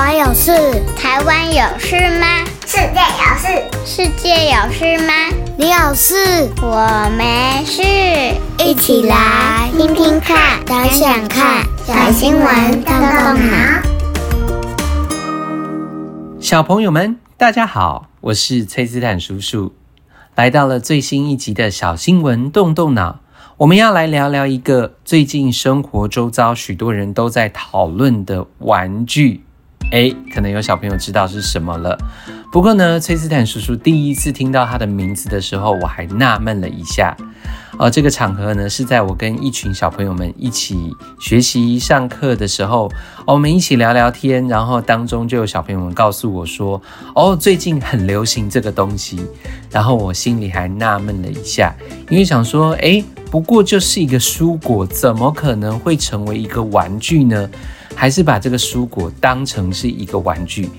我有事，台灣有事嗎？世界有事，世界有事嗎？你有事，我沒事。一起來聽聽看，想想看，小新聞動動腦。小朋友們，大家好，我是崔斯坦叔叔，來到了最新一集的小新聞動動腦。我們要來聊聊一個最近生活周遭許多人都在討論的玩具。誒，可能有小朋友知道是什麼了。不過呢，崔斯坦叔叔第一次聽到他的名字的時候，我還納悶了一下。而，哦，這個場合呢是在我跟一群小朋友們一起學習上課的時候，哦，我們一起聊聊天，然後當中就有小朋友們告訴我說：“哦，最近很流行這個東西。”然後我心裡還納悶了一下，因為想說：“誒，不過就是一個蔬果，怎麼可能會成為一個玩具呢？”還是把這個蔬果當成是一個玩具，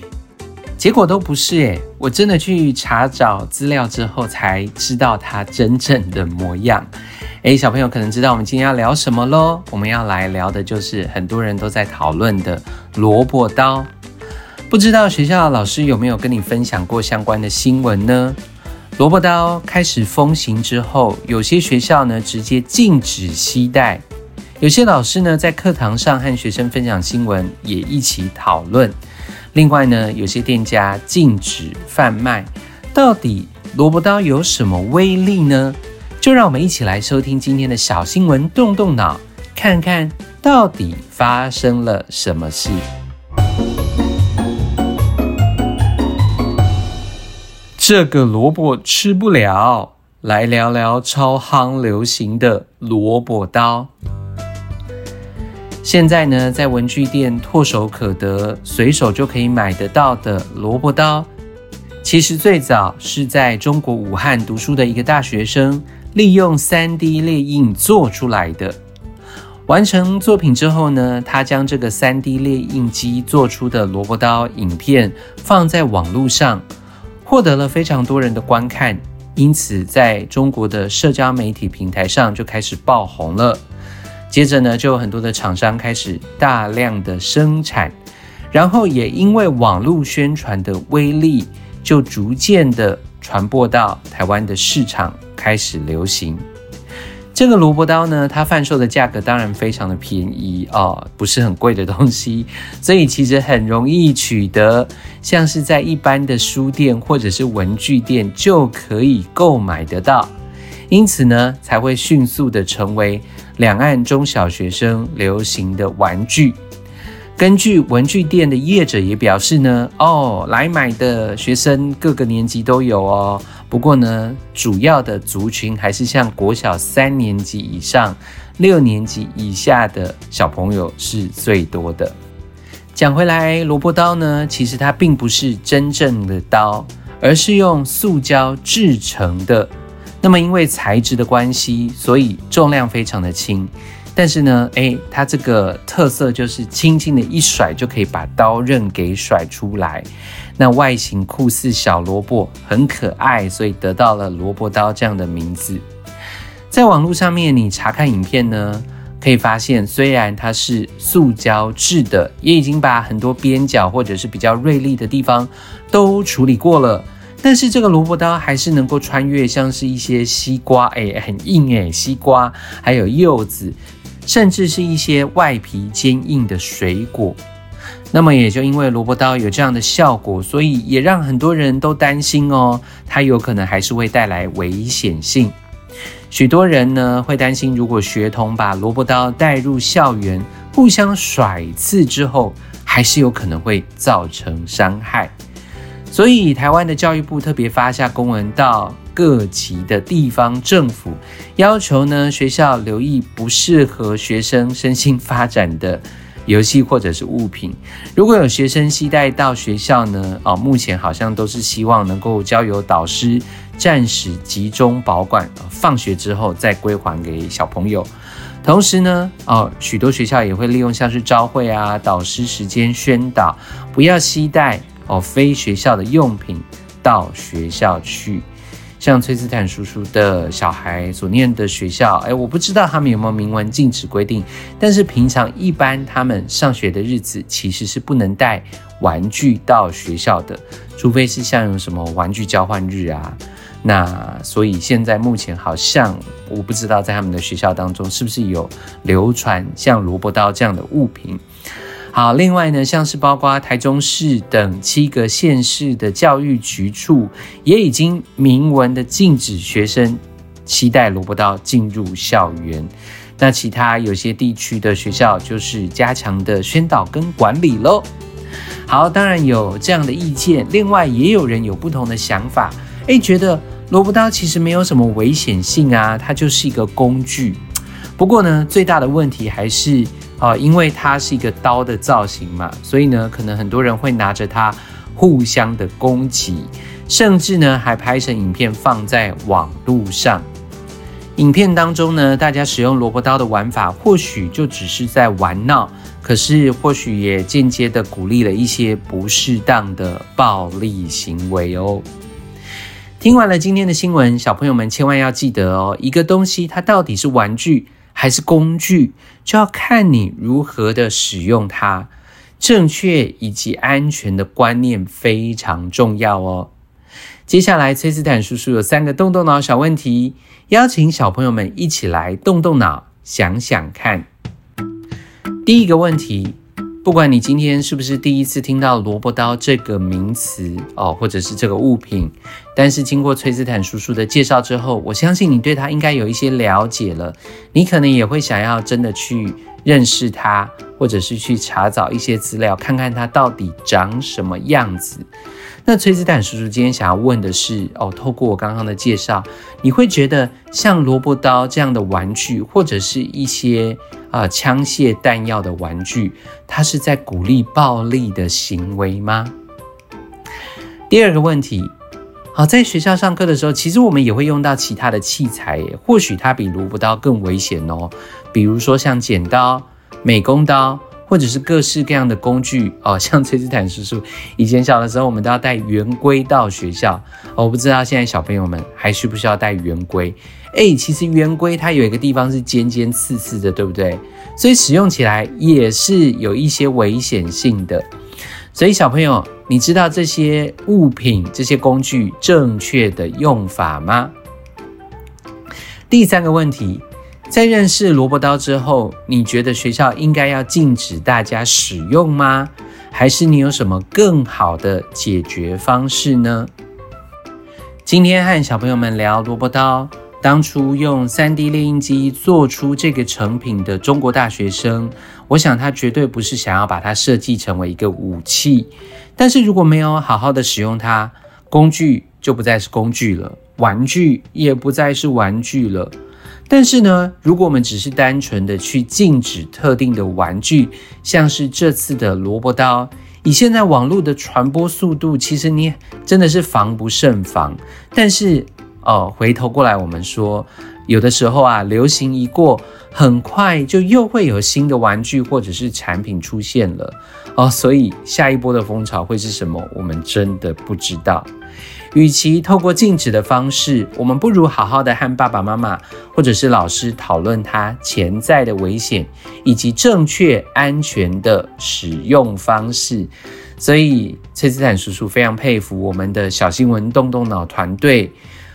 結果都不是、欸、我真的去查找資料之後才知道它真正的模樣、欸。小朋友可能知道我們今天要聊什麼嘍？我們要來聊的就是很多人都在討論的蘿蔔刀。不知道學校老師有沒有跟你分享過相關的新聞呢？蘿蔔刀開始風行之後，有些學校呢直接禁止攜帶。有些老師呢，在課堂上和學生分享新聞，也一起討論。另外呢，有些店家禁止販賣。到底蘿蔔刀有什麼威力呢？就讓我們一起來收聽今天的小新聞，動動腦，看看到底發生了什麼事。這個蘿蔔吃不了，來聊聊超夯流行的蘿蔔刀。現在呢，在文具店唾手可得，隨手就可以買得到的蘿蔔刀，其實最早是在中國武漢讀書的一個大學生，利用 3D 列印做出來的。完成作品之後呢，他將這個 3D 列印機做出的蘿蔔刀影片放在網絡上，獲得了非常多人的觀看，因此在中國的社交媒體平台上就開始爆紅了。接着呢，就有很多的廠商開始大量的生產，然後也因為網絡宣傳的威力，就逐漸的傳播到台灣的市場，開始流行。這個蘿蔔刀呢，它販售的價格當然非常的便宜哦，不是很貴的東西，所以其實很容易取得，像是在一般的書店或者是文具店就可以購買得到。因此呢，才會迅速的成為兩岸中小學生流行的玩具。根據文具店的業者也表示呢，哦，來買的學生各個年級都有哦，不過呢，主要的族群還是像國小三年級以上、六年級以下的小朋友是最多的。講回來，蘿蔔刀呢，其實它並不是真正的刀，而是用塑膠製成的。那麼，因為材質的關係，所以重量非常的輕。但是呢，哎、欸，它這個特色就是輕輕的一甩就可以把刀刃給甩出來。那外形酷似小蘿蔔，很可愛，所以得到了蘿蔔刀這樣的名字。在網絡上面，你查看影片呢，可以發現，雖然它是塑膠制的，也已經把很多邊角或者是比較銳利的地方都處理過了。但是這個蘿蔔刀還是能夠穿越，像是一些西瓜，哎，很硬哎，西瓜還有柚子，甚至是一些外皮堅硬的水果。那麼也就因為蘿蔔刀有這樣的效果，所以也讓很多人都擔心哦，它有可能還是會帶來危險性。許多人呢會擔心，如果學童把蘿蔔刀帶入校園，互相甩刺之後，還是有可能會造成傷害。所以，台灣的教育部特別發下公文到各級的地方政府，要求呢，學校留意不適合學生身心發展的遊戲或者是物品。如果有學生攜帶到學校呢，哦，目前好像都是希望能夠交由導師暫時集中保管，放學之後再歸還給小朋友。同時呢，哦，許多學校也會利用像是朝會啊、導師時間宣導，不要攜帶。哦，非學校的用品到學校去，像崔斯坦叔叔的小孩所念的學校，哎，我不知道他們有沒有明文禁止規定，但是平常一般他們上學的日子其實是不能帶玩具到學校的，除非是像有什麼玩具交換日啊，那所以現在目前好像我不知道在他們的學校當中是不是有流傳像蘿蔔刀這樣的物品。好，另外呢，像是包括台中市等七個縣市的教育局處，也已經明文的禁止學生攜帶蘿蔔刀進入校園。那其他有些地區的學校，就是加強的宣導跟管理咯。好，當然有這樣的意見，另外也有人有不同的想法，誒、欸、覺得蘿蔔刀其實沒有什麼危險性啊，它就是一個工具。不過呢，最大的問題還是。因為它是一個刀的造型嘛，所以呢，可能很多人會拿着它互相的攻擊，甚至呢還拍成影片放在網路上。影片當中呢，大家使用蘿蔔刀的玩法或許就只是在玩鬧，可是或許也間接的鼓勵了一些不適當的暴力行為哦。聽完了今天的新聞，小朋友們千萬要記得哦，一個東西它到底是玩具，還是工具，就要看你如何的使用它。正確以及安全的觀念非常重要哦。接下來，崔斯坦叔叔有三個動動腦小問題，邀請小朋友們一起來動動腦，想想看。第一個問題。不管你今天是不是第一次聽到“蘿蔔刀”這個名詞哦，或者是這個物品，但是經過崔斯坦叔叔的介紹之後，我相信你對他應該有一些了解了。你可能也會想要真的去認識他，或者是去查找一些資料，看看他到底長什麼樣子。那崔子丹叔叔今天想要問的是哦，透過我剛剛的介紹，你會覺得像蘿蔔刀這樣的玩具，或者是一些啊、呃、槍械彈藥的玩具，它是在鼓勵暴力的行為嗎？第二個問題，好，在學校上課的時候，其實我們也會用到其他的器材，或許它比蘿蔔刀更危險哦，比如說像剪刀、美工刀。或者是各式各樣的工具哦，像崔斯坦叔叔以前小的時候，我們都要帶圓規到學校，哦。我不知道現在小朋友們還需不需要帶圓規？哎、欸，其實圓規它有一個地方是尖尖刺刺的，對不對？所以使用起來也是有一些危險性的。所以小朋友，你知道這些物品、這些工具正確的用法嗎？第三個問題。在認識蘿蔔刀之後，你覺得學校應該要禁止大家使用嗎？還是你有什麼更好的解決方式呢？今天和小朋友們聊蘿蔔刀，當初用 3D 列印機做出這個成品的中國大學生，我想他絕對不是想要把它設計成為一個武器，但是如果沒有好好的使用它，工具就不再是工具了，玩具也不再是玩具了。但是呢，如果我們只是單純的去禁止特定的玩具，像是這次的蘿蔔刀，以現在網絡的傳播速度，其實你真的是防不勝防。但是，哦，回頭過來，我們說，有的時候啊，流行一過，很快就又會有新的玩具或者是產品出現了。哦，所以下一波的風潮會是什麼？我們真的不知道。與其透過禁止的方式，我們不如好好的和爸爸媽媽或者是老師討論它潛在的危險，以及正確安全的使用方式。所以，崔斯坦叔叔非常佩服我們的小新聞動動腦團隊。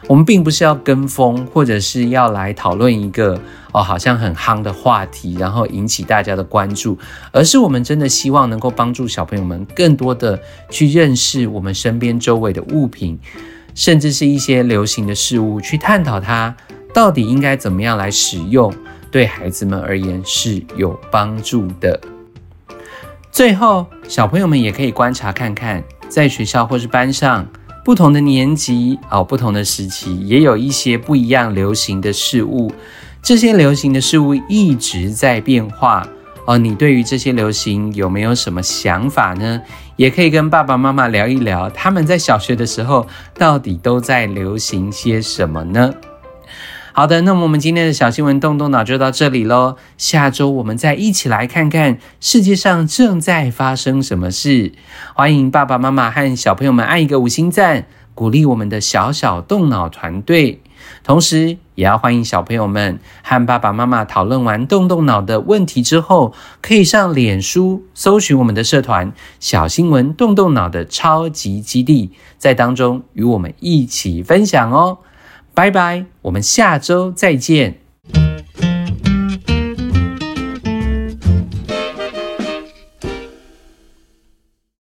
我們並不是要跟風，或者是要來討論一個哦，好像很夯的話題，然後引起大家的關注，而是我們真的希望能夠幫助小朋友們更多的去認識我們身邊周圍的物品，甚至是一些流行的事物，去探討它到底應該怎麼樣來使用，對孩子們而言是有幫助的。最後，小朋友們也可以觀察看看，在學校或是班上。不同的年級哦，不同的時期，也有一些不一樣流行的事物。這些流行的事物一直在變化哦。你對於這些流行有沒有什麼想法呢？也可以跟爸爸媽媽聊一聊，他們在小學的時候到底都在流行些什麼呢？好的，那麼我們今天的小新聞動動腦就到這裡嘍。下周我們再一起來看看世界上正在發生什麼事。歡迎爸爸媽媽和小朋友們按一個五星讚，鼓勵我們的小小動腦團隊。同時，也要歡迎小朋友們和爸爸媽媽討論完動動腦的問題之後，可以上臉書搜尋我們的社團“小新聞動動腦”的超級基地，在當中與我們一起分享哦。拜拜，我們下周再見。